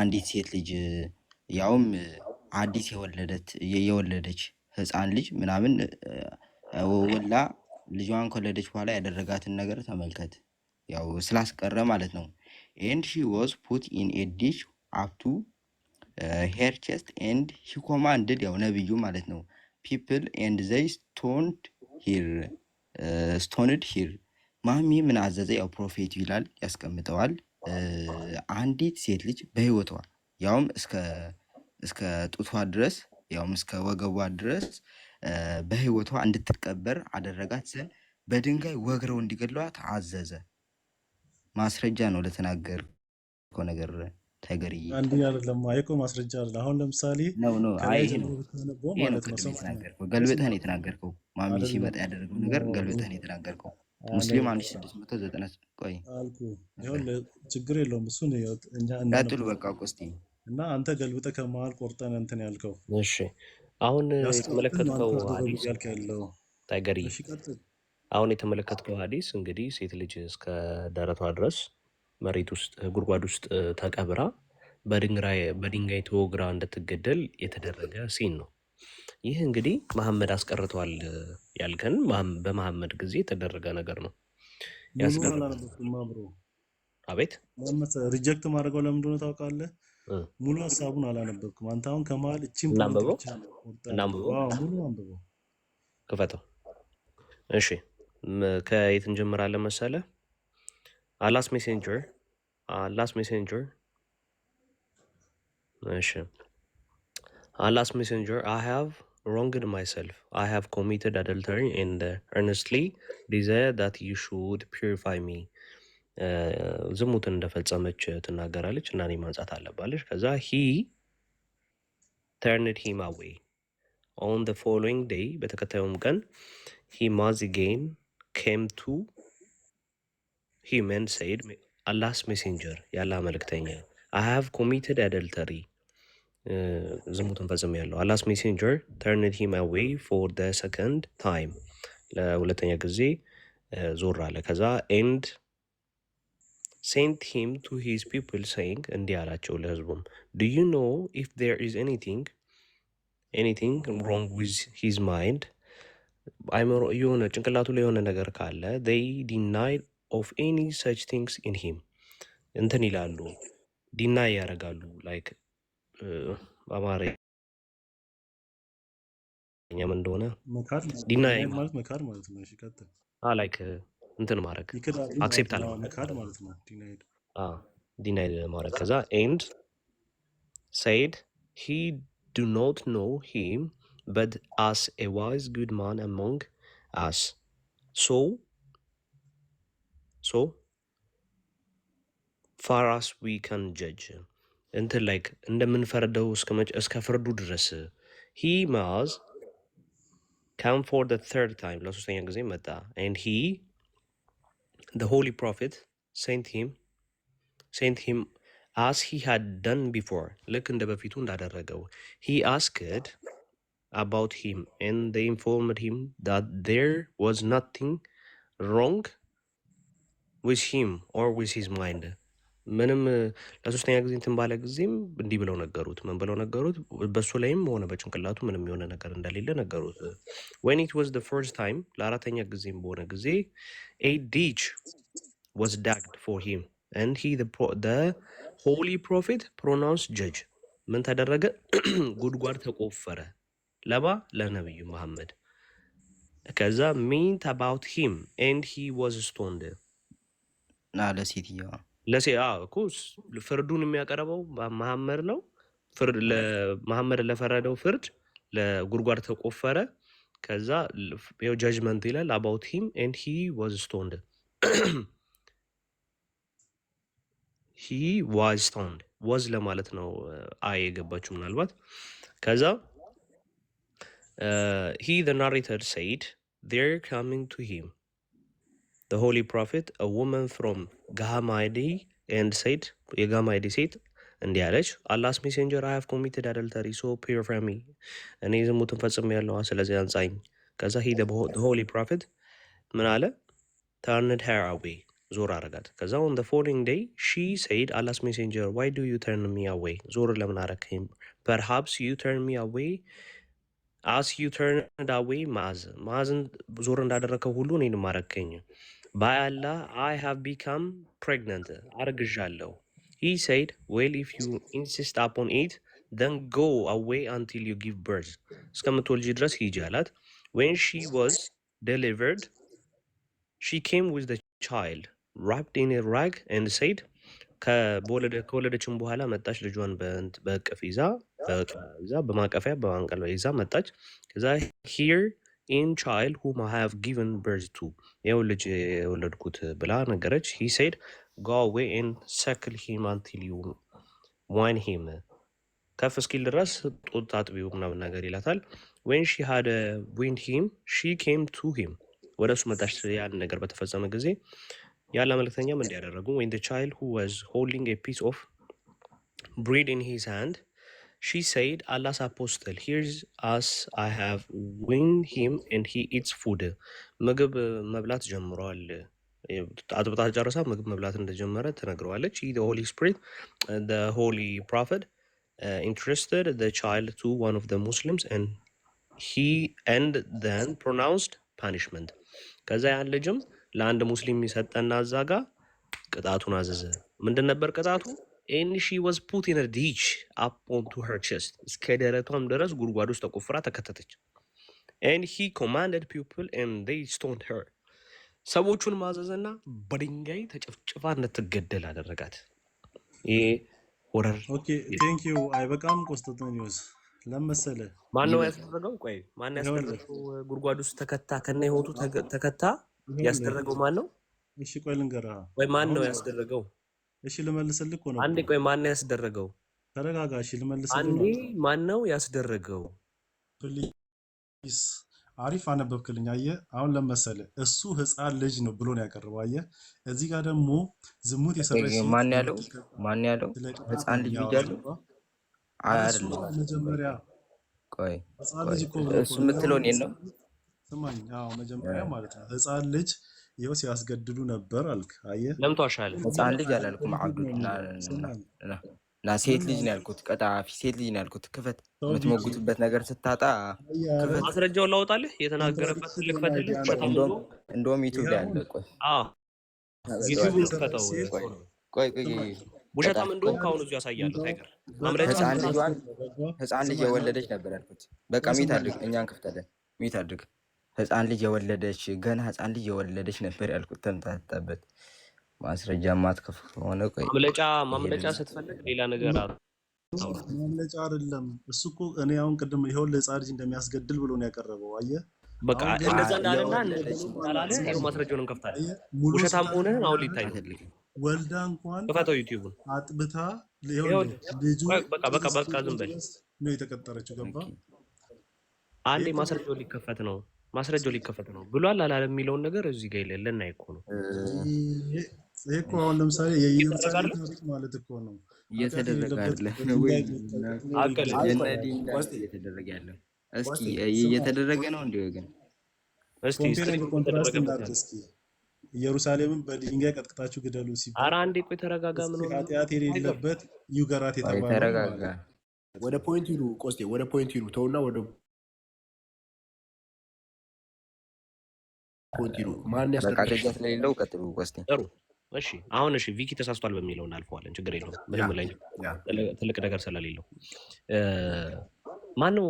አንዲት ሴት ልጅ ያውም አዲስ የወለደች ህፃን ልጅ ምናምን ወላ ልጇን ከወለደች በኋላ ያደረጋትን ነገር ተመልከት። ያው ስላስቀረ ማለት ነው። ኤንድ ሺ ወዝ ፑት ኢን ኤ ዲሽ አፕቱ ሄር ቼስት ኤንድ ሺ ኮማንድድ ያው ነብዩ ማለት ነው ፒፕል ኤንድ ዘይ ስቶንድ ሂር ስቶንድ ሂር ማሚ ምን አዘዘ? ያው ፕሮፌቱ ይላል ያስቀምጠዋል። አንዲት ሴት ልጅ በህይወቷ ያውም እስከ ጡቷ ድረስ ያውም እስከ ወገቧ ድረስ በህይወቷ እንድትቀበር አደረጋት ዘንድ በድንጋይ ወግረው እንዲገድሏት አዘዘ። ማስረጃ ነው ለተናገር ነገር ተገርዬ አንድ አይደለማ እኮ ማስረጃ አለ። አሁን ለምሳሌ ገልብጠህ ነው የተናገርከው። ማሚ ሲመጣ ያደረገው ነገር ገልብጠህ ነው የተናገርከው። ሙስሊም አንድ ስድስት መቶ ዘጠና ቆይ ችግር የለውም። እሱ ቀጥሉ በቃ ቆስቲ እና አንተ ገልብጠ ከመሀል ቆርጠን እንትን ያልከው እሺ፣ አሁን የተመለከትከው ያለው ታይገሪ አሁን የተመለከትከው ሀዲስ እንግዲህ ሴት ልጅ እስከ ደረቷ ድረስ መሬት ውስጥ ጉድጓድ ውስጥ ተቀብራ በድንጋይ ተወግራ እንድትገደል የተደረገ ሲን ነው። ይህ እንግዲህ መሐመድ አስቀርቷል ያልከን በመሐመድ ጊዜ የተደረገ ነገር ነው። አቤት ሪጀክት ማድረገው ለምን እንደሆነ ታውቃለህ? ሙሉ ሀሳቡን አላነበብኩም። አንተ አሁን ከመሀል እቺም አንብበው ክፈተው። እሺ ከየት እንጀምራለን መሰለ አላስ ሜሴንጀር አላስ ሜሴንጀር እሺ አላስ ሜሴንጀር አይ ሃቭ wronged myself. I have committed adultery and uh, earnestly desire that you should purify me. ዝሙትን እንደፈጸመች ትናገራለች እና እኔ ማንጻት አለባለች። ከዛ ሂ ተርንድ ሂም አዌይ ኦን ደ ፎሎዊንግ ዴይ በተከታዩም ቀን ሂ ማዝ ጌን ኬም ቱ ሂመን ሰይድ አላስ ሜሴንጀር ያላ መልእክተኛ አይ ሃቭ ኮሚትድ አደልተሪ ዝሙትን ፈጽም ያለው አላስ ሜሴንጀር ተርንድ ሂም አዌይ ፎር ደ ሰከንድ ታይም ለሁለተኛ ጊዜ ዞር አለ። ከዛ ኤንድ ሴንት ሂም ቱ ሂዝ ፒፕል ሰይንግ እንዲህ አላቸው ለህዝቡም ዱ ዩ ኖ ኢፍ ዜር ኢዝ ኤኒቲንግ ኤኒቲንግ ሮንግ ዊዝ ሂዝ ማይንድ አይምሮ የሆነ ጭንቅላቱ ላይ የሆነ ነገር ካለ ይ ዲናይ ኦፍ ኤኒ ሰች ቲንግስ ኢን ሂም እንትን ይላሉ ዲናይ ያደርጋሉ ላይክ በአማርኛ ምን እንደሆነ ዲናይ ማለት መካድ ማለት ነው። እሺ ቀጥል። ላይክ እንትን ማድረግ አክሴፕት አለ መካድ ማለት ነው። ዲናይ ማድረግ ከዛ ኤንድ ሰይድ ሂ ዱ ኖት ኖ ሂም but as a wise good man among us. So, so far as we can judge. እንትን ላይክ እንደምንፈርደው እስከ ፍርዱ ድረስ ሂ ማዝ ካም ፎር ደ ተርድ ታይም ለሶስተኛ ጊዜ መጣ። ኤንድ ሂ ደ ሆሊ ፕሮፌት ሴንት ሂም ሴንት ሂም አስ ሂ ሃድ ደን ቢፎር ልክ እንደ በፊቱ እንዳደረገው ሂ አስክድ አባውት ሂም ኤንድ ዴይ ኢንፎርምድ ሂም ዳት ዴር ዋዝ ናቲንግ ሮንግ ዊዝ ሂም ኦር ዊዝ ሂዝ ማይንድ ምንም ለሶስተኛ ጊዜ እንትን ባለ ጊዜም እንዲህ ብለው ነገሩት። ምን ብለው ነገሩት? በሱ ላይም ሆነ በጭንቅላቱ ምንም የሆነ ነገር እንደሌለ ነገሩት። ወን ኢት ዋዝ ዘ ፈርስት ታይም ለአራተኛ ጊዜም በሆነ ጊዜ ኤ ዲች ዋዝ ዳግድ ፎር ሂም ኤንድ ሂ ዘ ሆሊ ፕሮፌት ፕሮናውንስ ጀጅ ምን ተደረገ? ጉድጓድ ተቆፈረ ለባ ለነቢዩ መሐመድ ከዛ ሚንት አባውት ሂም ኤንድ ሂ ዋዝ ስቶንድ ለሴትየዋ ለሴ እኮ ፍርዱን የሚያቀርበው መሐመድ ነው። መሐመድ ለፈረደው ፍርድ ለጉድጓድ ተቆፈረ። ከዛ ው ጃጅመንት ይላል አባውት ሂም ኤንድ ሂ ዋዝ ስቶንድ ሂ ዋዝ ስቶንድ ዋዝ ለማለት ነው አይ የገባችው ምናልባት። ከዛ ሂ ናሬተር ሰይድ ር ካሚንግ ቱ ሂም ሆሊ ፕሮፌት ወመን ፍሮም ጋማይዲ ኤንድ ሴድ የጋማይዲ ሴት እንዲህ አለች፣ አላስ ሜሴንጀር አይ ሃቭ ኮሚትድ አደልተሪ ሶ ፒር ፍሮም ሚ እኔ ዝሙትን ፈጽሜ ያለዋ ስለዚህ አንጻኝ። ከዛ ሂ ሆሊ ፕሮፌት ምን አለ? ተርንድ ሄር አዌ ዞር አረጋት። ከዛ ኦን ፎሎዊንግ ዴይ ሺ ሴድ አላስ ሜሴንጀር ዋይ ዱ ዩ ተርን ሚ አዌ ዞር ለምን አረከኝ? ፐርሃፕስ ዩ ተርን ሚ አዌ አስ ዩ ተርን አዌ ማዝ ማዝን ዞር እንዳደረከው ሁሉ እኔንም አረከኝ። By Allah, I have become pregnant. Argjallo. He said, Well, if you insist upon it, then go away until you give birth. እስከምትወልጂ ድረስ ሂጂ When she was delivered, she came with the child wrapped in a rag and said, ከወለደችም በኋላ መጣች። ልጇን በእቅፍ ይዛ በማቀፊያ በማንቀልባ ይዛ መጣች። ከዛ ሂር ኤን ቻይልድ ሁም አይ ሃቭ ጊቨን በርዝ ቱ ይኸው ልጅ የወለድኩት ብላ ነገረች። ሂ ሴድ ጎ አዌ ኤን ሰክል ሂም አንቲል ዩ ዋን ሂም ከፍ እስኪል ድረስ ጡት አጥቢው ምናምን ነገር ይላታል። ዌን ሺ ሃደ ዊንድ ሂም ሺ ኬም ቱ ሂም ወደ እሱ መጣች። ያን ነገር በተፈጸመ ጊዜ ያለ መልክተኛም እንዲያደረጉ ዌን ቻይልድ ሁ ዋዝ ሆልዲንግ ኤ ፒስ ኦፍ ብሪድ ኢን ሂዝ ሃንድ She said, Allah's apostle, here's us, I have weaned him and he eats food. ምግብ መብላት ጀምሯል። አጥብታ ጨርሳ ምግብ መብላት እንደጀመረ ትነግረዋለች። He, the Holy Spirit, the Holy Prophet, uh, interested the child to one of the Muslims and he and then pronounced punishment. ከዛ ያን ልጅም ለአንድ ሙስሊም የሰጠና አዛጋ ቅጣቱን አዘዘ። ምንድን ነበር ቅጣቱ? ኤን ሺ ወዝ ፑት ኢን ዲች አፕ ኦንቱ ሄር ቼስት እስከ ደረቷም ድረስ ጉድጓድ ውስጥ ተቆፍራ ተከተተች። ኤንድ ሂ ኮማንደድ ፒፕል ኤንድ ዴይ ስቶንድ ሄር ሰዎቹን ማዘዝና በድንጋይ ተጨፍጭፋ እንድትገደል አደረጋት። ይሄ ሆረር ቴንክ ዩ። አይ በቃም ለመሰለ ማነው ያስደረገው? ቆይ ማን ያስደረገው? ጉድጓድ ውስጥ ተከታ ከነ ህይወቱ ተከታ ያስደረገው ማን ነው? እሺ ቆይ ልንገርህ። ወይ ማን ነው ያስደረገው? እሺ ልመልስልህ ነው። አንዴ ቆይ፣ ማን ያስደረገው? ተረጋጋ። እሺ ልመልስልህ። አንዴ ማን ነው ያስደረገው? ፕሊስ አሪፍ አነበብክልኝ። አየህ አሁን ለመሰለ እሱ ህፃን ልጅ ነው ብሎ ነው ያቀርበው። አየህ እዚህ ጋር ደግሞ ዝሙት የሰራች ማን ያለው? ማን ያለው? ህፃን ልጅ ብያለሁ። መጀመሪያ ቆይ፣ ህፃን ልጅ እኮ እሱ የምትለው እኔን ነው። ስማኝ፣ መጀመሪያ ማለት ነው ህፃን ልጅ ይኸው ሲያስገድዱ ነበር አልክ። አየህ ለምቷሻል። ህፃን ልጅ አላልኩም። አብዱና እና ሴት ልጅ ነው ያልኩት። ቀጣፊ ሴት ልጅ ነው ያልኩት። ክፈት፣ የምትሞግቱበት ነገር ስታጣ ማስረጃውን ላውጣልህ። የተናገረበት ልክፈት። እንደውም ዩቱብ ላይ አለ። ቆይ ዩቱቡን ክፈተው። ቆይ ቆይ ውሸታም እንደውም ከአሁኑ እዚሁ ያሳያሉ። ታይገር ህፃን ልጅ የወለደች ነበር ያልኩት። በቃ ሚት አድርግ፣ እኛን ክፍተለን ሚት አድርግ ህፃን ልጅ የወለደች ገና ህፃን ልጅ የወለደች ነበር ያልኩት። ተምታታበት ማስረጃ ማትከፍ ከሆነ ማምለጫ ማምለጫ ስትፈልግ ሌላ ነገር አለ። ማምለጫ አይደለም እሱ እኮ እኔ አሁን ቅድም ይኸውልህ ህፃን ልጅ እንደሚያስገድል ብሎ ነው ያቀረበው። አየህ በቃ እንደዛ እንዳለና ማስረጃውን እንከፍታለን። ውሸታም አሁን ሊታይ ወልዳ እንኳን ዩቲዩብን አጥብታ ልጁ በቃ በቃ በቃ ዝም በል ነው የተቀጠረችው። ገባ አንዴ ማስረጃውን ሊከፈት ነው ማስረጃው ሊከፈት ነው ብሏል አላለ የሚለውን ነገር እዚህ ጋር የሌለን እኮ ነው። ይሄ እኮ አሁን ለምሳሌ የኢየሩሳሌም ማለት እኮ ነው እየተደረገ ያለ እስኪ እየተደረገ ነው እንዲ ግን ኢየሩሳሌምን በድንጋይ ቀጥቅጣችሁ ግደሉ ሲባል ኧረ አንዴ ቆይ ተረጋጋ። ምን ኃጢአት የሌለበት ዩገራት የተባለ ወደ ፖይንት ሂዱ፣ ቆስቴ ወደ ፖይንት ሂዱ ተውና ወደ ኮንቲኑ ማን ያስቀደመሽ ስለሌለው ቀጥሉ። ጥሩ እሺ፣ አሁን እሺ፣ ቪኪ ተሳስቷል በሚለው እናልፈዋለን። ችግር የለውም ምንም ላይ ትልቅ ነገር ስለሌለው ማነው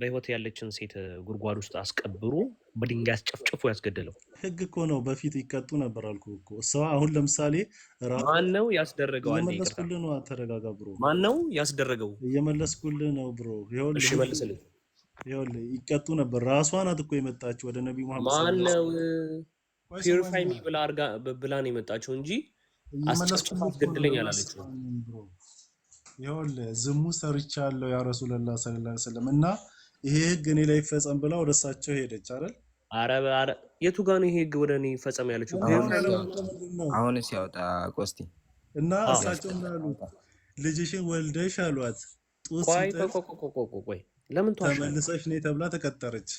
በህይወት ያለችን ሴት ጉድጓድ ውስጥ አስቀብሮ በድንጋይ አስጨፍጭፎ ያስገደለው? ህግ እኮ ነው። በፊት ይቀጡ ነበር አልኩ እኮ እሰዋ። አሁን ለምሳሌ ማን ነው ያስደረገው? እየመለስኩልህ ነው። ተረጋጋ ብሮ። ማን ነው ያስደረገው? እየመለስኩልህ ነው ብሮ። ይኸውልህ መልስልኝ ይቀጡ ነበር። ራሷ ናት እኮ የመጣችው ወደ ነቢ መሐመድ ማነው ፒሪፋይ ሚ ብላ አርጋ ብላ ነው የመጣችው እንጂ አስጨፍጭፋት ገድለኝ አላለችው። ይኸውልህ ዝሙት ሰርቻለሁ ያ ረሱላህ ሰለላሁ ዐለይሂ ወሰለም እና ይሄ ህግ እኔ ላይ ይፈጸም ብላ ወደ እሳቸው ሄደች አይደል? አረ አረ የቱ ጋር ነው ይሄ ህግ ወደ እኔ ይፈጸም ያለችው? አሁን ሲያወጣ ቆስቲ እና እሳቸው ምናሉ ልጅሽን ወልደሽ አሏት ቆይ ቆይ ቆይ ቆይ ለምን ተመልሰሽ ነይ ተብላ ተቀጠረች።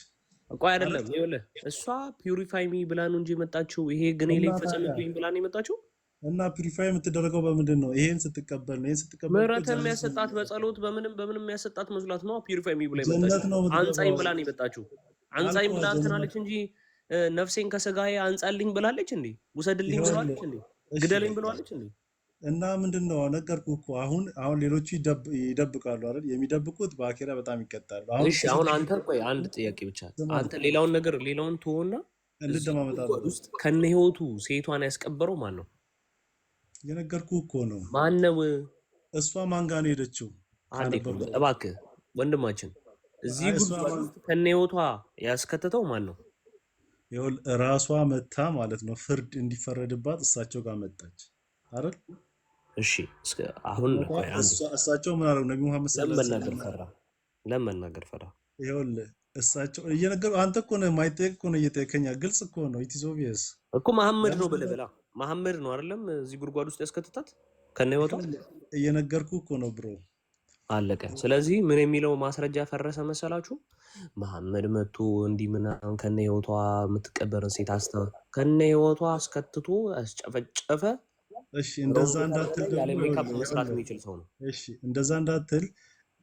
እኮ አይደለም፣ ይኸውልህ እሷ ፒውሪፋይ ሚ ብላ ነው እንጂ የመጣችው ይሄ ግን ላይ ፈጸምብኝ ብላ ነው የመጣችው። እና ፒውሪፋይ የምትደረገው በምንድን ነው? ይሄን ስትቀበል ነው። ይሄን ስትቀበል ምህረትን የሚያሰጣት በጸሎት በምንም በምንም የሚያሰጣት መስሏት ነው። ፒውሪፋይ ሚ ብላ የመጣችው አንጻኝ ብላ ነው የመጣችው። አንጻኝ ብላ እንትን እንጂ ነፍሴን ከስጋዬ አንጻልኝ ብላለች እንዴ? ውሰድልኝ ብለዋለች እንዴ? ግደልኝ ብለዋለች እንዴ? እና ምንድን ነው ነገርኩ እኮ አሁን አሁን ሌሎቹ ይደብቃሉ አይደል? የሚደብቁት በአኬራ በጣም ይቀጣሉ። አሁን አንተ ቆይ አንድ ጥያቄ ብቻ አንተ ሌላውን ነገር ሌላውን ትሆና እንደማመጣለህ ውስጥ ከነ ህይወቱ ሴቷን ያስቀበረው ማን ነው? የነገርኩ እኮ ነው። ማን ነው? እሷ ማን ጋር ነው ሄደችው? አንዴ እባክህ ወንድማችን፣ እዚህ ከነ ህይወቷ ያስከተተው ማን ነው? ራሷ መታ ማለት ነው። ፍርድ እንዲፈረድባት እሳቸው ጋር መጣች አይደል? እሺ አሁን እሳቸው ምን አለው? ነቢ ሙሐመድ ለመናገር ፈራ፣ ለመናገር ፈራ። ይኸውልህ እሳቸው እየነገሩ አንተ እኮ ነህ ማይጠየቅ እኮ ነው እየጠየከኛ። ግልጽ እኮ ነው። ኢት ኦብቪየስ እኮ መሐመድ ነው ብለህ በላ። መሐመድ ነው አይደለም እዚህ ጉድጓድ ውስጥ ያስከትታት ከነ ይወጣ። እየነገርኩ እኮ ነው ብሮ፣ አለቀ። ስለዚህ ምን የሚለው ማስረጃ ፈረሰ መሰላችሁ? መሐመድ መቶ እንዲህ ምናምን ከነ ህይወቷ የምትቀበርን ሴት አስተ ከነ ህይወቷ አስከትቶ አስጨፈጨፈ እሺ፣ እንደዛ እንዳትል መስራት የሚችል ሰው ነው። እሺ፣ እንደዛ እንዳትል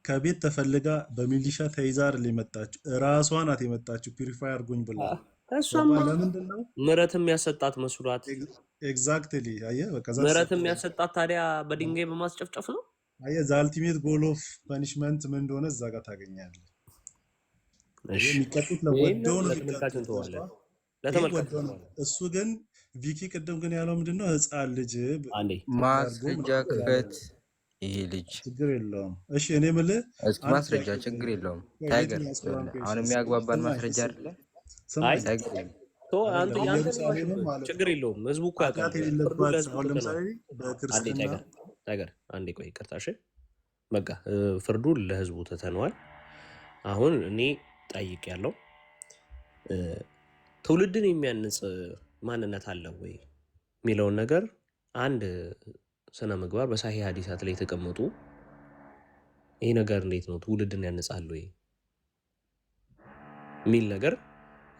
ከቤት ተፈልጋ በሚሊሻ ተይዛ አይደል የመጣችው? እራሷ ናት የመጣችው። ፒሪፋይ አርጎኝ ብላ እሷም ለምንድነው የሚያሰጣት መስሏት? ኤግዛክትሊ። አየህ፣ በቃ የሚያሰጣት ታዲያ በድንጋይ በማስጨፍጨፍ ነው። አየ እዛ አልቲሜት ጎል ኦፍ ፐኒሽመንት ምን እንደሆነ እዛ ጋር ታገኛለህ። እሺ፣ የሚቀጡት ለወደው ነው። እሱ ግን ቪኪ ቅድም ግን ያለው ምንድን ነው? ህፃን ልጅ ማስረጃ ክፈት። ይሄ ልጅ ችግር የለውም። እሺ እኔ ምል ማስረጃ ችግር የለውም። ታይገር አሁን የሚያግባባን ማስረጃ ችግር የለውም። ህዝቡ እኮ ታይገር፣ አንዴ ቆይ፣ ይቅርታ። እሺ በቃ ፍርዱ ለህዝቡ ትተነዋል። አሁን እኔ ጠይቅ ያለው ትውልድን የሚያንጽ ማንነት አለው ወይ የሚለውን ነገር አንድ ስነ ምግባር በሳሂህ ሀዲሳት ላይ የተቀመጡ ይህ ነገር እንዴት ነው ትውልድን ያነጻሉ ወይ የሚል ነገር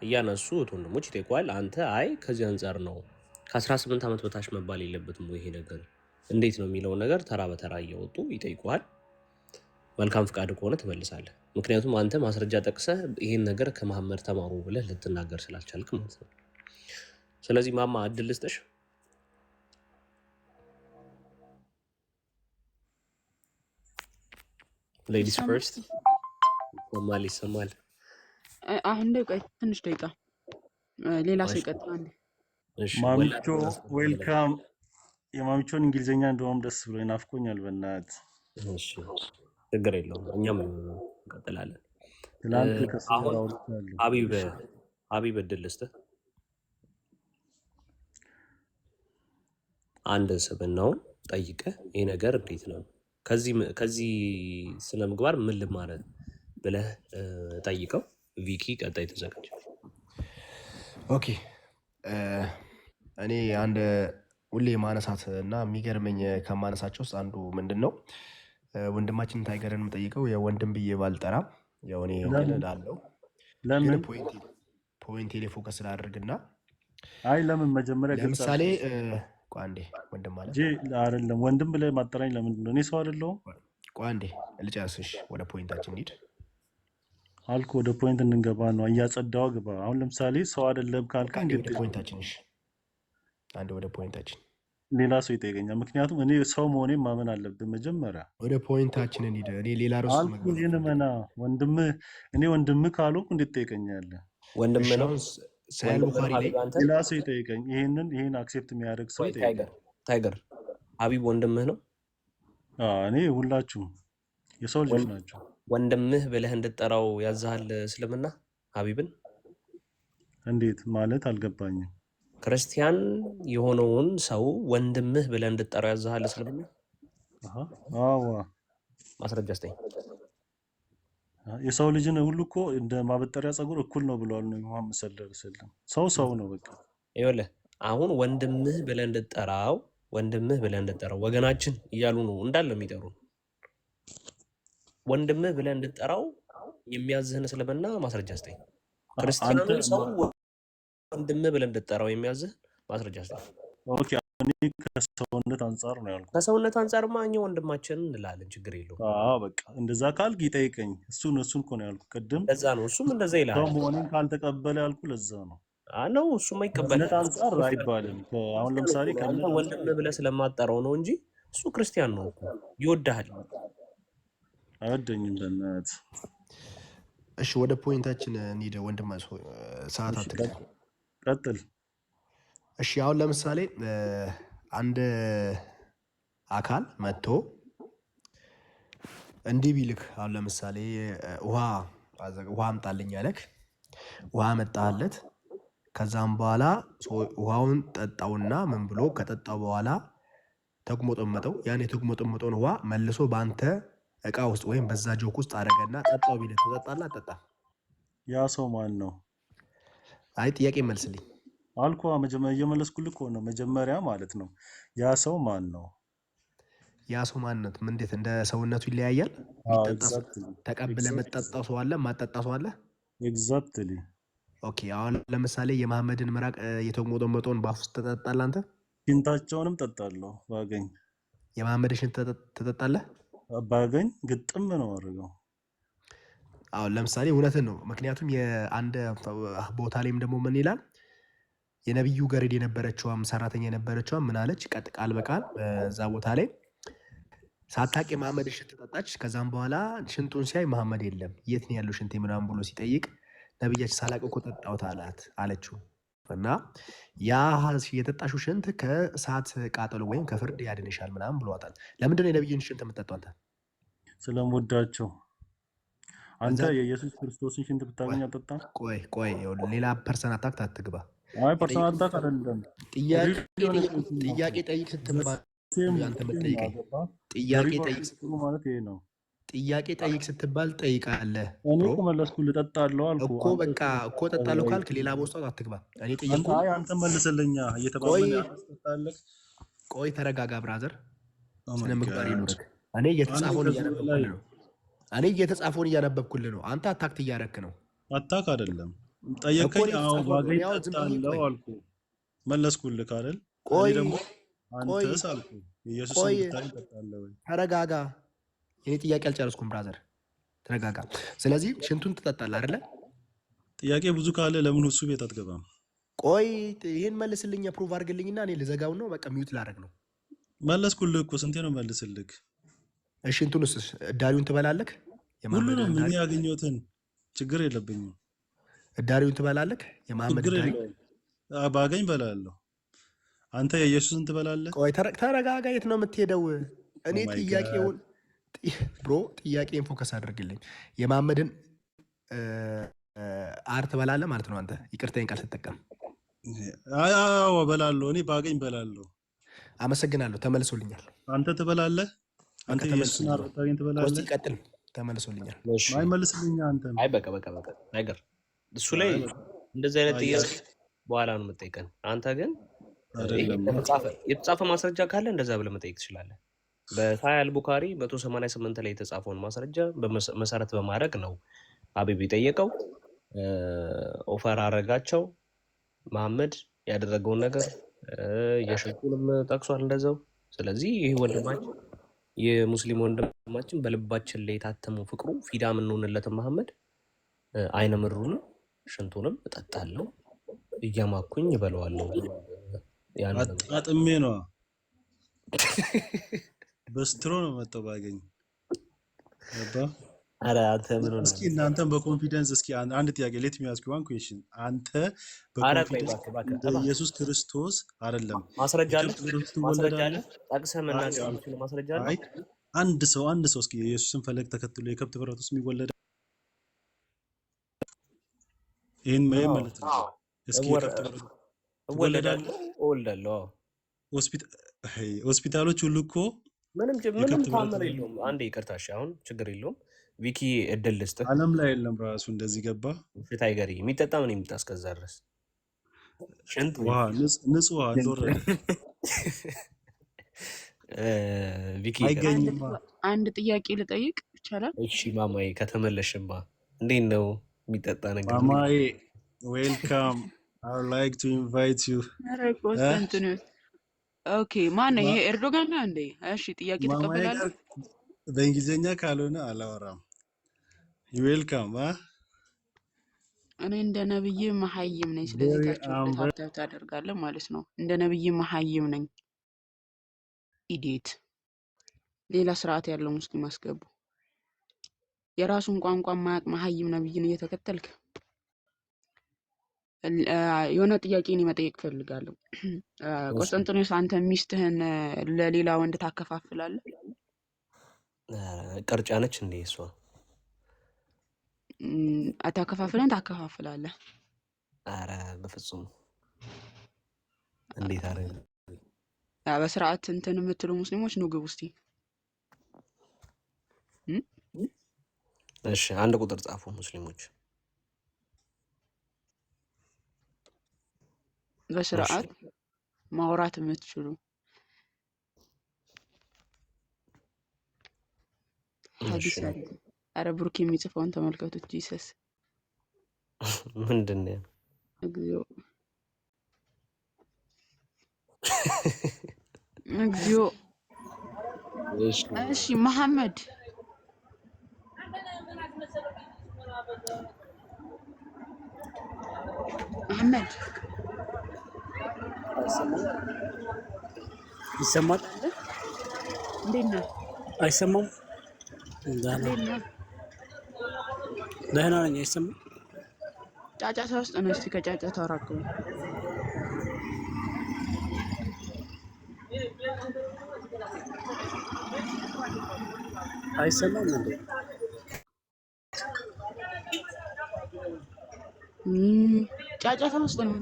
እያነሱ ወንድሞች ይጠይቋል። አንተ አይ ከዚህ አንጻር ነው ከ18 ዓመት በታች መባል የለበትም ይሄ ነገር እንዴት ነው የሚለውን ነገር ተራ በተራ እያወጡ ይጠይቋል። መልካም ፍቃድ ከሆነ ትመልሳለህ። ምክንያቱም አንተ ማስረጃ ጠቅሰህ ይህን ነገር ከመሐመድ ተማሩ ብለህ ልትናገር ስላልቻልክ ማለት ነው። ስለዚህ ማማ እድል ልስጥሽ። ሌዲስ ፈርስት። ይሰማል ይሰማል። አሁን ቆይ ትንሽ ደቂቃ ሌላ ሰው ይቀጥላል። ማሚቾ ዌልካም። የማሚቾን እንግሊዝኛ እንደውም ደስ ብሎ ይናፍቆኛል። በእናት ችግር የለውም እኛም እንቀጥላለን። አሁን ሀቢብ ሀቢብ እድል ልስጥህ አንድ ስብዕናውን ጠይቀ ይህ ነገር እንዴት ነው ከዚህ ስነ ምግባር ምን ልማረት ብለህ ጠይቀው። ቪኪ ቀጣይ ተዘጋጅ። ኦኬ እኔ አንድ ሁሌ ማነሳት እና የሚገርመኝ ከማነሳቸው ውስጥ አንዱ ምንድን ነው ወንድማችን ታይገርን የምጠይቀው የወንድም ብዬ ባልጠራ ያው እኔ ላለው ለምን ፖይንቴ ላይ ፎከስ ላደርግና አይ ለምን መጀመሪያ ለምሳሌ ቋንዴ ወንድም ማለት አይደለም። ወንድም ብለህ ማጠራኝ ለምንድን ነው? እኔ ሰው አይደለሁም። ቋንዴ ልጨርስሽ፣ ወደ ፖይንታችን እንሂድ አልኩ። ወደ ፖይንት እንገባ ነው። እያጸዳው ግባ። አሁን ለምሳሌ ሰው አይደለም ካልክ ወደ ፖይንታችን እሺ፣ አንዴ ወደ ፖይንታችን ሌላ ሰው ይጠይቀኛል። ምክንያቱም እኔ ሰው መሆኔ ማመን አለብን። መጀመሪያ ወደ ፖይንታችን እንሂድ። እኔ ሌላ ርዕስ ይህን መና ወንድም እኔ ወንድም ካልሆንኩ እንዴት ትጠይቀኛለህ? ወንድም ነው ሳያል ቡኻሪ ላይ ሌላ ሰው ይጠይቀኝ። ይህንን ይህን አክሴፕት የሚያደርግ ሰው ይጠይቀኝ። ታይገር ሀቢብ ወንድምህ ነው። እኔ ሁላችሁም የሰው ልጅ ናቸው። ወንድምህ ብለህ እንድጠራው ያዝሃል እስልምና ሀቢብን? እንዴት ማለት አልገባኝም። ክርስቲያን የሆነውን ሰው ወንድምህ ብለህ እንድጠራው ያዝሃል እስልምና? ማስረጃ ስጠኝ። የሰው ልጅን ሁሉ እኮ እንደ ማበጠሪያ ጸጉር እኩል ነው ብለዋል ነው መሐመድ ሰለላሁ ዐለይሂ ወሰለም። ሰው ሰው ነው በቃ። ይኸውልህ አሁን ወንድምህ ብለህ እንድጠራው ወንድምህ ብለህ እንድጠራው ወገናችን እያሉ ነው እንዳለ የሚጠሩ ወንድምህ ብለህ እንድጠራው የሚያዝህን እስልምና ማስረጃ ስጠኝ። ክርስቲያኑ ሰው ወንድምህ ብለህ እንድጠራው የሚያዝህ ማስረጃ ስጠኝ። ኦኬ ከሰውነት አንጻር ነው ያልኩት። ከሰውነት አንጻር ማኛ ወንድማችን እንላለን፣ ችግር የለው። በቃ እንደዛ ካል ይጠይቀኝ። እሱን እሱን እኮ ነው ያልኩ ቅድም። ለዛ ነው እሱም እንደዛ ይላል። ሰው መሆኔን ካልተቀበለ ያልኩ ለዛ ነው ነው። እሱም ይቀበላል። አንጻር አይባልም። አሁን ለምሳሌ ወንድም ብለህ ስለማጠረው ነው እንጂ እሱ ክርስቲያን ነው እኮ ይወድሃል። አይወደኝም በእናትህ። እሺ ወደ ፖይንታችን እንሂድ። ወንድም ሰዓት አትቀጥል እሺ አሁን ለምሳሌ አንድ አካል መጥቶ እንዲህ ቢልክ፣ አሁን ለምሳሌ ውሃ ውሃ አምጣልኝ አለክ። ውሃ መጣለት። ከዛም በኋላ ውሃውን ጠጣውና ምን ብሎ ከጠጣው በኋላ ተጉመጠመጠው። ያን የተጉመጠመጠውን ውሃ መልሶ በአንተ እቃ ውስጥ ወይም በዛ ጆክ ውስጥ አደረገና ጠጣው ቢልክ፣ ትጠጣለህ? አጠጣ? ያ ሰው ማን ነው? አይ ጥያቄ መልስልኝ። አልኳ መጀመሪያ እየመለስኩልህ እኮ ነው። መጀመሪያ ማለት ነው ያ ሰው ማን ነው? ያ ሰው ማንነት ምን እንዴት እንደ ሰውነቱ ይለያያል። ተቀብለ መጠጣ ሰው አለ፣ ማጠጣ ሰው አለ። ኤግዛክትሊ ኦኬ። አሁን ለምሳሌ የመሐመድን ምራቅ የተሞጠሞጠውን ባፍ ውስጥ ተጠጣለ አንተ? ሽንታቸውንም ጠጣለሁ ባገኝ። የመሐመድን ሽንት ተጠጣለ ባገኝ? ግጥም ነው አድርገው አሁን ለምሳሌ እውነትን ነው። ምክንያቱም የአንድ ቦታ ላይም ደግሞ ምን ይላል የነቢዩ ገረድ የነበረችዋም ሰራተኛ የነበረችዋም ምናለች ቀጥ ቃል በቃል በዛ ቦታ ላይ ሳታቅ የመሐመድ ሽንት ጠጣች። ከዛም በኋላ ሽንቱን ሲያይ መሐመድ የለም የት ነው ያለው ሽንቴ ምናምን ብሎ ሲጠይቅ ነቢያችን ሳላቅ እኮ ጠጣሁት አላት አለችው። እና ያ የጠጣሽው ሽንት ከእሳት ቃጠሎ ወይም ከፍርድ ያድንሻል ምናምን ብሏታል። ለምንድነው የነቢይን ሽንት የምትጠጣው አንተ? ስለምወዳቸው አንተ የኢየሱስ ክርስቶስን ሽንት ብታገኝ አጠጣ። ቆይ ቆይ ሌላ ፐርሰን አታክት አትግባ አይ ፐርሰናል አታክ አይደለም። ጥያቄ ጠይቅ ስትባል አንተ መጠይቀኝ ጥያቄ ጠይቅ ስትባል ጠይቃለህ። እኔ እኮ መለስኩልህ። እጠጣለሁ አልኩህ እኮ በቃ እኮ እጠጣለሁ ካልክ ሌላ ቦስታ አትግባ። እኔ ጠየቅኩህ። አይ አንተ መልስልኛ እየተባለ ቆይ ተረጋጋ ብራዘር፣ ስነ ምግባር ይኖርክ። እኔ እየተጻፈውን እያነበብኩልህ ነው። እኔ እየተጻፈውን እያነበብኩልህ ነው። አንተ አታክት እያረክ ነው። አታክ አይደለም ጠየቀኝ። አዎ ባገኝ ጠጣለሁ አልኩ። መለስኩልህ አይደል? ቆይ ደግሞ አንተስ አልኩ። ኢየሱስ ብታይ ጠጣለሁ። ተረጋጋ። እኔ ጥያቄ አልጨረስኩም ብራዘር፣ ተረጋጋ። ስለዚህ ሽንቱን ትጠጣለህ አይደለ? ጥያቄ ብዙ ካለ ለምን እሱ ቤት አትገባም? ቆይ ይህን መልስልኝ፣ ፕሩቭ አድርግልኝና እኔ ልዘጋው ነው። በቃ ሚዩት ላደርግ ነው። መለስኩልህ እኮ ስንቴ ነው መልስልህ? እሺ ዳሪውን ትበላለህ? ሁሉንም እኔ ያገኘሁትን ችግር የለብኝም። እዳሪውን ትበላለህ? የመሐመድ ባገኝ በላለሁ። አንተ የኢየሱስን ትበላለህ? ቆይ ተረጋጋ። የት ነው የምትሄደው? እኔ ጥያቄውን ብሮ ጥያቄን ፎከስ አድርግልኝ። የመሐመድን አር ትበላለህ ማለት ነው አንተ? ይቅርታዬን ቃል ስጠቀም አዎ በላለሁ። እኔ ባገኝ በላለሁ። አመሰግናለሁ። ተመልሶልኛል። አንተ ትበላለህ? አንተ የኢየሱስን አር ባገኝ ትበላለህ? ቀጥል። ተመልሶልኛል። አይመልስልኛ አንተ። አይ በቃ በቃ በቃ ነገር እሱ ላይ እንደዚህ አይነት ጥያቄ በኋላ ነው የምጠይቀን። አንተ ግን የተጻፈ ማስረጃ ካለ እንደዛ ብለህ መጠየቅ ትችላለህ። በሳሂህ አልቡኻሪ መቶ ሰማንያ ስምንት ላይ የተጻፈውን ማስረጃ መሰረት በማድረግ ነው አቢብ የጠየቀው። ኦፈር አረጋቸው መሐመድ ያደረገውን ነገር የሸኩንም ጠቅሷል እንደዛው። ስለዚህ ይህ ወንድማችን የሙስሊም ወንድማችን በልባችን ላይ የታተመው ፍቅሩ ፊዳ ምንሆንለትን መሐመድ አይነ ምድሩ ነው። ሽንቱንም እጠጣለሁ፣ እያማኩኝ እበለዋለሁ። አጥሜ ነው በስትሮ ነው መጠው ባገኝ እስኪ እናንተም በኮንፊደንስ እስኪ አንድ ጥያቄ ሌት የሚያዝ ዋን ኩዌሽን አንተ በኮንፊደንስ ኢየሱስ ክርስቶስ አይደለም ማስረጃ አንድ ሰው አንድ ሰው እስኪ የኢየሱስን ፈለግ ተከትሎ የከብት በረት ውስጥ የሚወለደ ይህን መየም ማለት ነው። እስኪ እወልዳለሁ። ሆስፒታሎች ሁሉ እኮ ምንም ታምር የለውም። አንዴ ይቅርታሽ፣ አሁን ችግር የለውም። ቪኪ እድል ልስጥህ። አለም ላይ የለም ራሱ እንደዚህ ገባ ሽታ ይገሪ የሚጠጣ ምን የሚጣ እስከዛ ድረስ ሽንት ንጹህ አንድ ጥያቄ ልጠይቅ ይቻላል? እሺ ማማዬ ከተመለሽማ እንዴት ነው የሚጠጣ ነገር ማማዬ ዌልካም አይ ላይክ ቱ ኢንቫይት ዩ ኦኬ ይሄ ኤርዶጋን ነው እንዴ እሺ ጥያቄ በእንግሊዝኛ ካልሆነ አላወራም ዌልካም እኔ እንደ ነብይ መሀይም ነኝ ስለዚህ ታቸው ታደርጋለህ ማለት ነው እንደ ነብይ መሀይም ነኝ ኢዴት ሌላ ስርዓት ያለው ሙስሊም አስገቡ የራሱን ቋንቋ ማያቅ መሀይም ነብይን እየተከተልክ የሆነ ጥያቄን መጠየቅ ፈልጋለሁ። ቆስጠንጢኖስ አንተ ሚስትህን ለሌላ ወንድ ታከፋፍላለህ? ቅርጫ ነች እንዴ እሷ? አታከፋፍለን ታከፋፍላለህ? አረ በፍጹም እንዴት አረ በስርዓት እንትን የምትሉ ሙስሊሞች ኑ ውስጥ እሺ አንድ ቁጥር ጻፉ ሙስሊሞች። በስርዓት ማውራት የምትችሉ አረ ብሩክ የሚጽፈውን ተመልከቱት። ጂሰስ ምንድን እግዚኦ እግዚኦ። እሺ መሐመድ አህመድ ይሰማል? እንዴት ነህ? አይሰማም። ደህና ነኝ። አይሰማም። ጫጫታ ውስጥ ነው። እስኪ ከጫጫታ ራቅ በል። አይሰማም እንዴ? ጫጫታ ውስጥ ነው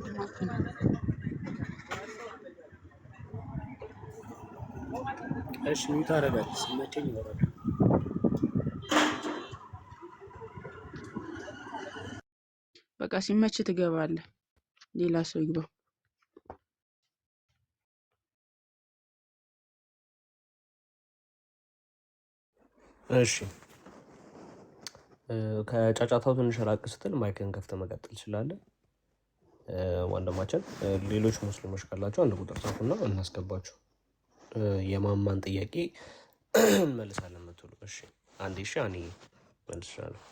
እሺ በቃ ሲመች ትገባለህ፣ ሌላ ሰው ይግባው። እሺ ከጫጫታው ትንሽ ራቅ ስትል ማይክን ከፍተ መቀጠል ትችላለህ። ወንድማችን ሌሎች ሙስሊሞች ካላቸው አንድ ቁጥር ጻፉና እናስገባቸው። የማማን ጥያቄ እንመልሳለን የምትሉ እሺ፣ አንድ ሺ እኔ መልሻለሁ።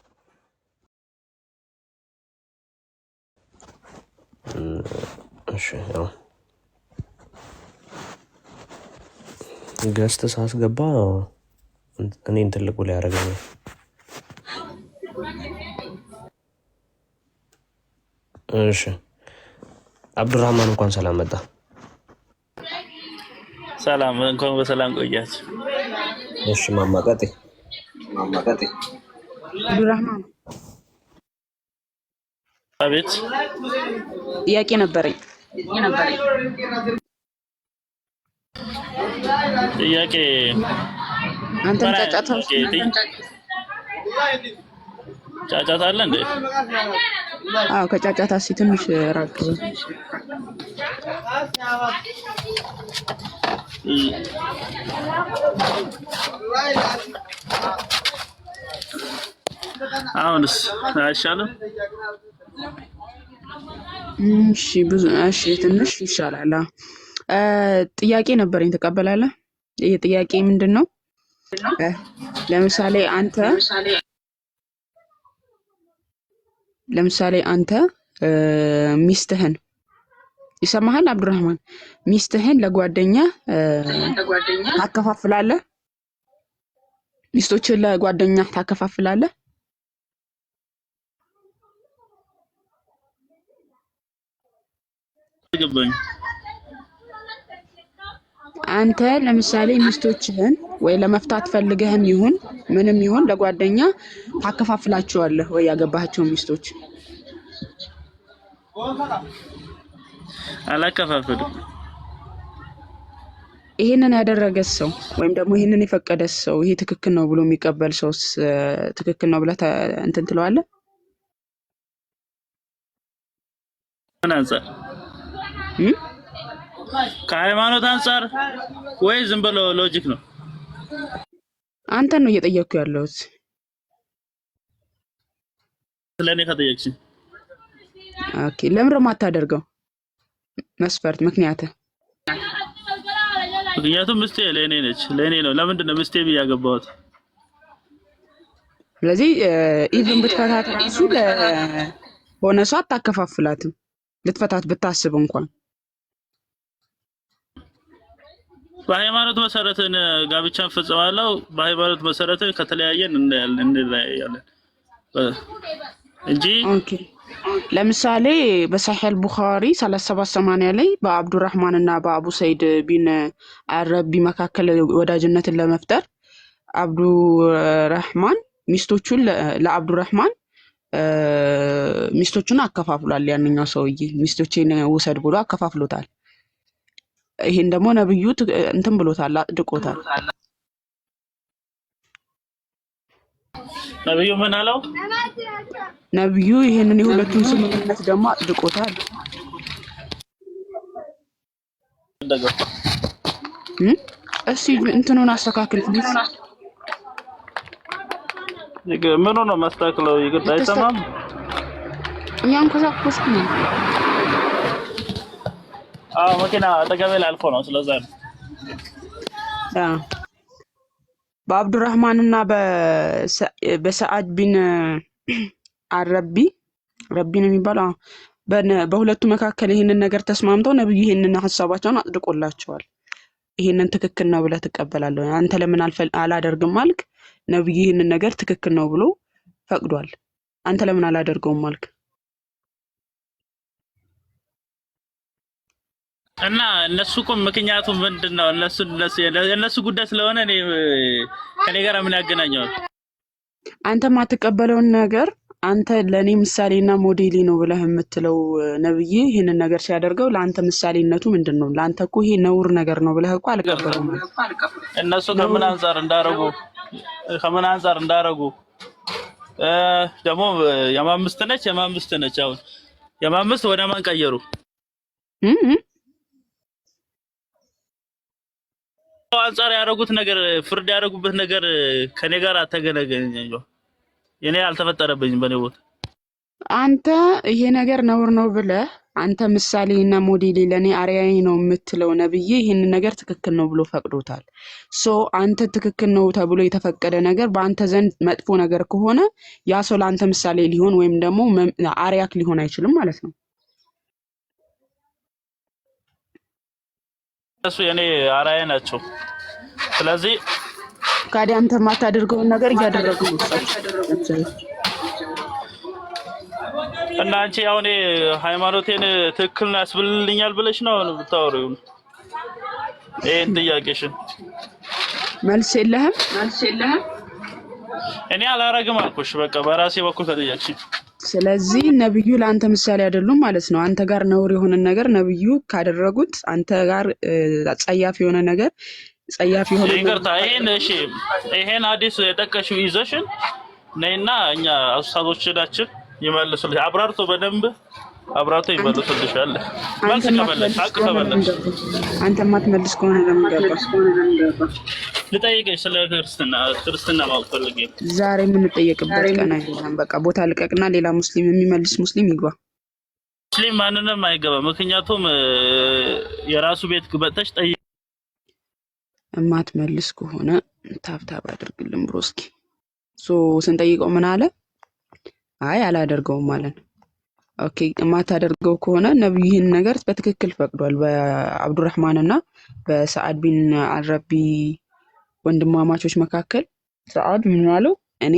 ገስት ሳስገባ እኔን ትልቁ ላይ ያደረገኛል። እሺ አብዱራህማን እንኳን ሰላም መጣ። ሰላም እንኳን በሰላም ቆያችሁ። እሺ ማማቀጤ ማማቀጤ አብዱራህማን አቤት፣ ጥያቄ ነበረኝ። ጥያቄ አንተን ጫጫታ ጫጫታ አለ እንዴ? አዎ ከጫጫታ እስኪ ትንሽ ራቅ አሁንስ አይሻልም? እሺ ብዙ እሺ ትንሽ ይሻላል። ጥያቄ ነበረኝ ተቀበላለህ? ይህ ጥያቄ ምንድን ነው? ለምሳሌ አንተ ለምሳሌ አንተ ሚስትህን ይሰማሃል አብዱራህማን ሚስትህን ለጓደኛ ታከፋፍላለ ሚስቶችን ለጓደኛ ታከፋፍላለህ? አንተ ለምሳሌ ሚስቶችህን ወይ ለመፍታት ፈልገህም ይሁን ምንም ይሁን ለጓደኛ ታከፋፍላቸዋለህ ወይ? ያገባቸው ሚስቶች አላከፋፍልም። ይህንን ያደረገ ሰው ወይም ደግሞ ይህንን የፈቀደ ሰው ይሄ ትክክል ነው ብሎ የሚቀበል ሰው ትክክል ነው ብለህ እንትን ትለዋለህ? ምን አንጻር ከሃይማኖት አንጻር ወይ ዝም ብሎ ሎጂክ ነው? አንተን ነው እየጠየኩ ያለሁት። ስለኔ ከጠየቅሽኝ ኦኬ። ለምን የማታደርገው? መስፈርት ምክንያት ምክንያቱም ምስቴ ለእኔ ነች፣ ለእኔ ነው። ለምንድን ነው ምስቴ ብዬ ያገባሁት? ስለዚህ ኢቭን ብትፈታት ራሱ ለሆነ ሰው አታከፋፍላትም። ልትፈታት ብታስብ እንኳን በሃይማኖት መሰረት ጋብቻ እንፈጽማለሁ። በሃይማኖት መሰረት ከተለያየን እንለያያለን እንጂ ለምሳሌ በሳሒህ ቡኻሪ 3780 ላይ በአብዱራህማን እና በአቡ ሰይድ ቢን አረቢ መካከል ወዳጅነትን ለመፍጠር አብዱራህማን ሚስቶቹን ለአብዱራህማን ሚስቶቹን አከፋፍሏል። ያንኛው ሰውዬ ሚስቶችን ውሰድ ብሎ አከፋፍሎታል። ይሄን ደግሞ ነብዩ እንትን ብሎታል፣ አጥድቆታል። ነብዩ ምን አለው? ነብዩ ይሄንን የሁለቱን ስምምነት ደግሞ አጥድቆታል። እስቲ እንትኑን አስተካክል ፕሊዝ። ምኑ ነው ማስተካክለው? ይቅርታ አይሰማም። እኛን ኮሳኮስኩ ነው መኪና አጠገቤ ላይ አልፎ ነው። ስለዛ ነው በአብዱራህማን እና በሰዓድ ቢን አረቢ ረቢ ነው የሚባለው በሁለቱ መካከል ይህንን ነገር ተስማምተው ነብዩ ይህንን ሀሳባቸውን አጽድቆላቸዋል። ይህንን ትክክል ነው ብለህ ትቀበላለህ? አንተ ለምን አላደርግም አልክ? ነብዩ ይህንን ነገር ትክክል ነው ብሎ ፈቅዷል። አንተ ለምን አላደርገውም አልክ? እና እነሱ እኮ ምክንያቱም ምንድን ነው እነሱ እነሱ ጉዳይ ስለሆነ እኔ ከኔ ጋር ምን ያገናኘዋል? አንተ ማትቀበለውን ነገር አንተ ለእኔ ምሳሌና ሞዴሊ ነው ብለህ የምትለው ነብዬ ይህንን ነገር ሲያደርገው ለአንተ ምሳሌነቱ ምንድን ነው? ለአንተ እኮ ይሄ ነውር ነገር ነው ብለህ እኮ አልቀበለውም። እነሱ ከምን አንጻር እንዳረጉ ከምን አንጻር እንዳረጉ ደግሞ የማምስት ነች የማምስት ነች አሁን የማምስት ወደ ማን ቀየሩ? አንጻር ያደረጉት ነገር ፍርድ ያደረጉበት ነገር ከኔ ጋር ተገነገኘ። እኔ አልተፈጠረብኝም በኔ ቦታ። አንተ ይሄ ነገር ነውር ነው ብለህ አንተ ምሳሌ እና ሞዴሌ ለእኔ አርያይ ነው የምትለው ነብዬ ይህን ነገር ትክክል ነው ብሎ ፈቅዶታል። ሶ አንተ ትክክል ነው ተብሎ የተፈቀደ ነገር በአንተ ዘንድ መጥፎ ነገር ከሆነ ያ ሰው ለአንተ ምሳሌ ሊሆን ወይም ደግሞ አርያክ ሊሆን አይችልም ማለት ነው። እሱ የኔ አራያ ናቸው። ስለዚህ ካዲ አንተ የማታደርገውን ነገር እያደረጉ እና አንቺ አሁን ሃይማኖቴን ትክክል ያስብልኛል ብለሽ ነው አሁን ብታወሪው? ይሄን ጥያቄሽን መልስ የለህም መልስ የለህም። እኔ አላረግም አልኩሽ። በቃ በራሴ በኩል ተጠያቅሽ ስለዚህ ነብዩ ለአንተ ምሳሌ አይደሉም ማለት ነው። አንተ ጋር ነውር የሆነ ነገር ነብዩ ካደረጉት አንተ ጋር ጸያፍ የሆነ ነገር ጸያፍ የሆነ ይቅርታ፣ ይሄን እሺ፣ ይሄን አዲስ የጠቀሽው ይዘሽን ነይና እኛ አስተሳዞችናችን ይመልሱልሽ አብራርቶ በደንብ አብራቶ ይመልሱልሻል። መልስ ከመለስሽ ሀቅ ከመለስሽ አንተ ማትመልስ ከሆነ ለምን ገባሽ? ልጠይቅሽ ስለ ክርስትና ክርስትና ማወቅ ፈልጌ ዛሬ የምንጠየቅበት ቀን አይደለም። በቃ ቦታ ልቀቅና ሌላ ሙስሊም የሚመልስ ሙስሊም ይግባ። ሙስሊም ማንንም አይገባ። ምክንያቱም የራሱ ቤት ግበጠሽ ጠይቅ። የማትመልስ ከሆነ ታብታብ አድርግልን ብሮ እስኪ ስንጠይቀው ምን አለ? አይ አላደርገውም ማለት ነው ኦኬ የማታደርገው ከሆነ ነቢዩ ይህን ነገር በትክክል ፈቅዷል። በአብዱራህማን እና በሰዓድ ቢን አልረቢ ወንድማማቾች መካከል ሰዓድ ምን አለው? እኔ